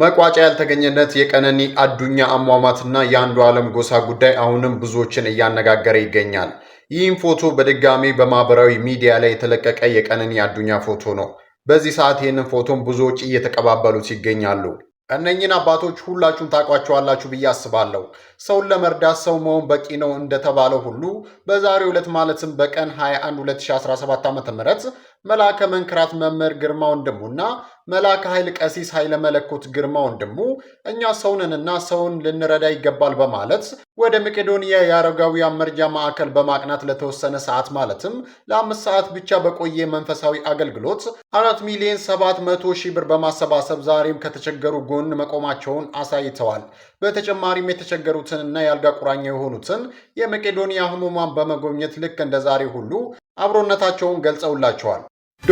መቋጫ ያልተገኘለት የቀነኒ አዱኛ አሟሟትና የአንዱ ዓለም ጎሳ ጉዳይ አሁንም ብዙዎችን እያነጋገረ ይገኛል። ይህም ፎቶ በድጋሚ በማህበራዊ ሚዲያ ላይ የተለቀቀ የቀነኒ አዱኛ ፎቶ ነው። በዚህ ሰዓት ይህንን ፎቶን ብዙዎች እየተቀባበሉት ይገኛሉ። እነኝን አባቶች ሁላችሁም ታውቋቸዋላችሁ ብዬ አስባለሁ። ሰውን ለመርዳት ሰው መሆን በቂ ነው እንደተባለው ሁሉ በዛሬ ዕለት ማለትም በቀን 21 2017 ዓ ም መልአከ መንክራት መምህር ግርማ ወንድሙና መልአከ ኃይል ቀሲስ ኃይለ መለኮት ግርማ ወንድሙ እኛ ሰውንንና ሰውን ልንረዳ ይገባል በማለት ወደ መቄዶንያ የአረጋውያን መርጃ ማዕከል በማቅናት ለተወሰነ ሰዓት ማለትም ለአምስት ሰዓት ብቻ በቆየ መንፈሳዊ አገልግሎት አራት ሚሊዮን ሰባት መቶ ሺህ ብር በማሰባሰብ ዛሬም ከተቸገሩ ጎን መቆማቸውን አሳይተዋል። በተጨማሪም የተቸገሩትንና የአልጋ ቁራኛ የሆኑትን የመቄዶንያ ህሙማን በመጎብኘት ልክ እንደ ዛሬ ሁሉ አብሮነታቸውን ገልጸውላቸዋል።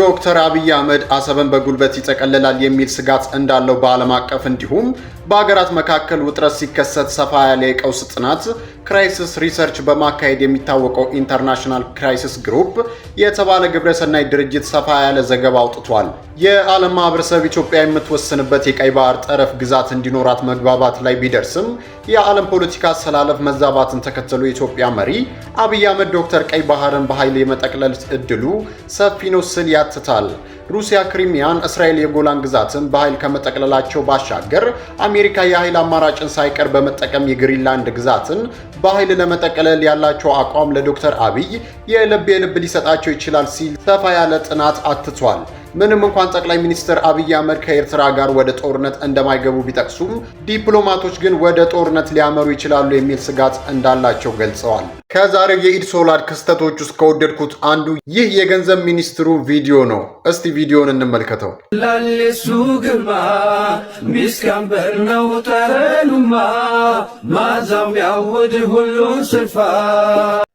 ዶክተር አብይ አህመድ አሰብን በጉልበት ይጠቀልላል የሚል ስጋት እንዳለው በዓለም አቀፍ እንዲሁም በሀገራት መካከል ውጥረት ሲከሰት ሰፋ ያለ የቀውስ ጥናት ክራይሲስ ሪሰርች በማካሄድ የሚታወቀው ኢንተርናሽናል ክራይሲስ ግሩፕ የተባለ ግብረሰናይ ድርጅት ሰፋ ያለ ዘገባ አውጥቷል። የዓለም ማህበረሰብ ኢትዮጵያ የምትወስንበት የቀይ ባህር ጠረፍ ግዛት እንዲኖራት መግባባት ላይ ቢደርስም የዓለም ፖለቲካ አሰላለፍ መዛባትን ተከትሎ የኢትዮጵያ መሪ አብይ አህመድ ዶክተር ቀይ ባህርን በኃይል የመጠቅለል እድሉ ሰፊ ነው ስል ያትታል። ሩሲያ ክሪሚያን፣ እስራኤል የጎላን ግዛትን በኃይል ከመጠቅለላቸው ባሻገር አሜሪካ የኃይል አማራጭን ሳይቀር በመጠቀም የግሪንላንድ ግዛትን በኃይል ለመጠቀለል ያላቸው አቋም ለዶክተር አብይ የልብ የልብ ሊሰጣቸው ይችላል ሲል ሰፋ ያለ ጥናት አትቷል። ምንም እንኳን ጠቅላይ ሚኒስትር አብይ አህመድ ከኤርትራ ጋር ወደ ጦርነት እንደማይገቡ ቢጠቅሱም ዲፕሎማቶች ግን ወደ ጦርነት ሊያመሩ ይችላሉ የሚል ስጋት እንዳላቸው ገልጸዋል። ከዛሬው የኢድ ሶላድ ክስተቶች ውስጥ ከወደድኩት አንዱ ይህ የገንዘብ ሚኒስትሩ ቪዲዮ ነው። እስቲ ቪዲዮን እንመልከተው። ላሌሱ ግማ ሚስከንበር ነው ጠረኑማ ማዛም ያውድ ሁሉን ስልፋ